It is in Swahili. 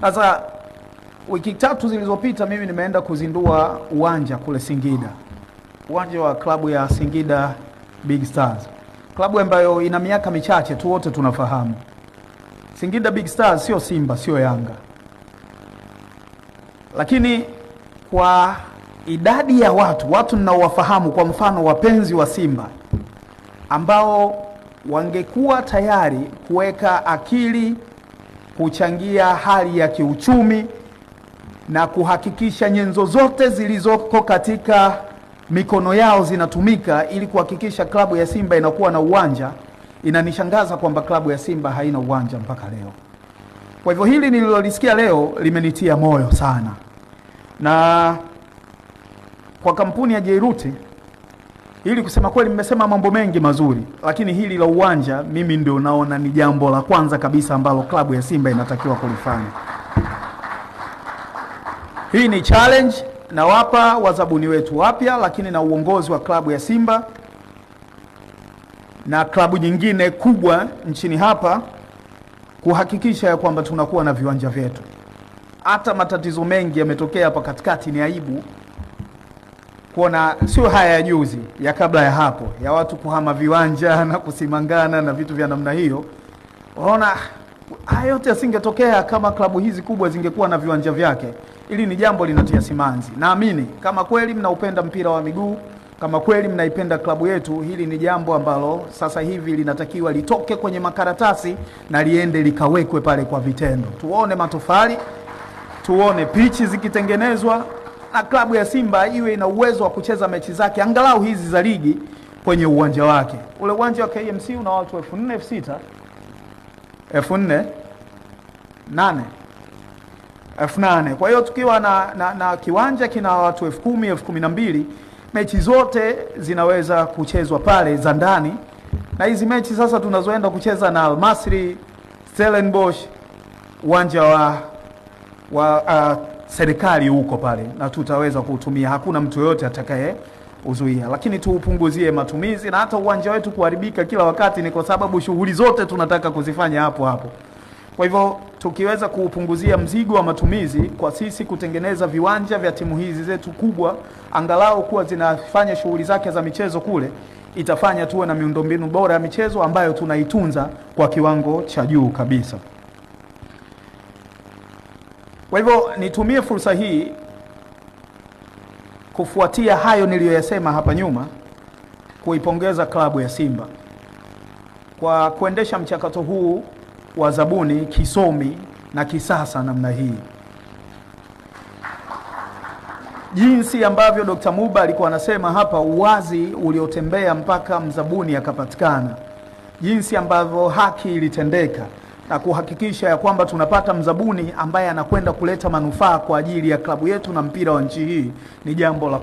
Sasa wiki tatu zilizopita mimi nimeenda kuzindua uwanja kule Singida, uwanja wa klabu ya Singida Big Stars, klabu ambayo ina miaka michache tu, wote tunafahamu Singida Big Stars sio Simba, sio Yanga, lakini kwa idadi ya watu watu ninaowafahamu, kwa mfano wapenzi wa Simba ambao wangekuwa tayari kuweka akili kuchangia hali ya kiuchumi na kuhakikisha nyenzo zote zilizoko katika mikono yao zinatumika ili kuhakikisha klabu ya Simba inakuwa na uwanja. Inanishangaza kwamba klabu ya Simba haina uwanja mpaka leo. Kwa hivyo hili nililolisikia leo limenitia moyo sana, na kwa kampuni ya Jairuti Hili kusema kweli, mmesema mambo mengi mazuri, lakini hili la uwanja mimi ndio naona ni jambo la kwanza kabisa ambalo klabu ya Simba inatakiwa kulifanya. Hii ni challenge nawapa wazabuni wetu wapya, lakini na uongozi wa klabu ya Simba na klabu nyingine kubwa nchini hapa kuhakikisha ya kwamba tunakuwa na viwanja vyetu. Hata matatizo mengi yametokea hapa katikati, ni aibu kuona sio haya ya juzi, ya kabla ya hapo, ya watu kuhama viwanja na kusimangana na vitu vya namna hiyo. Unaona, haya yote yasingetokea kama klabu hizi kubwa zingekuwa na viwanja vyake. ili ni jambo linatia simanzi. Naamini kama kweli mnaupenda mpira wa miguu, kama kweli mnaipenda klabu yetu, hili ni jambo ambalo sasa hivi linatakiwa litoke kwenye makaratasi na liende likawekwe pale kwa vitendo. Tuone matofali, tuone pichi zikitengenezwa na klabu ya Simba iwe ina uwezo wa kucheza mechi zake angalau hizi za ligi kwenye uwanja wake. Ule uwanja wa KMC una watu elfu nne elfu sita elfu nne nane elfu nane Kwa hiyo tukiwa na, na, na kiwanja kina watu elfu kumi elfu kumi na mbili mechi zote zinaweza kuchezwa pale za ndani, na hizi mechi sasa tunazoenda kucheza na Almasri, Stellenbosch, uwanja wa, wa uh, serikali huko pale, na tutaweza kuutumia, hakuna mtu yoyote atakaye uzuia, lakini tuupunguzie matumizi. Na hata uwanja wetu kuharibika kila wakati ni kwa sababu shughuli zote tunataka kuzifanya hapo hapo. Kwa hivyo tukiweza kuupunguzia mzigo wa matumizi kwa sisi kutengeneza viwanja vya timu hizi zetu kubwa, angalau kuwa zinafanya shughuli zake za michezo kule, itafanya tuwe na miundombinu bora ya michezo ambayo tunaitunza kwa kiwango cha juu kabisa. Kwa hivyo nitumie fursa hii kufuatia hayo niliyoyasema hapa nyuma, kuipongeza klabu ya Simba kwa kuendesha mchakato huu wa zabuni kisomi na kisasa namna hii. Jinsi ambavyo Dr. Muba alikuwa anasema hapa, uwazi uliotembea mpaka mzabuni akapatikana, jinsi ambavyo haki ilitendeka na kuhakikisha ya kwamba tunapata mzabuni ambaye anakwenda kuleta manufaa kwa ajili ya klabu yetu na mpira wa nchi hii ni jambo la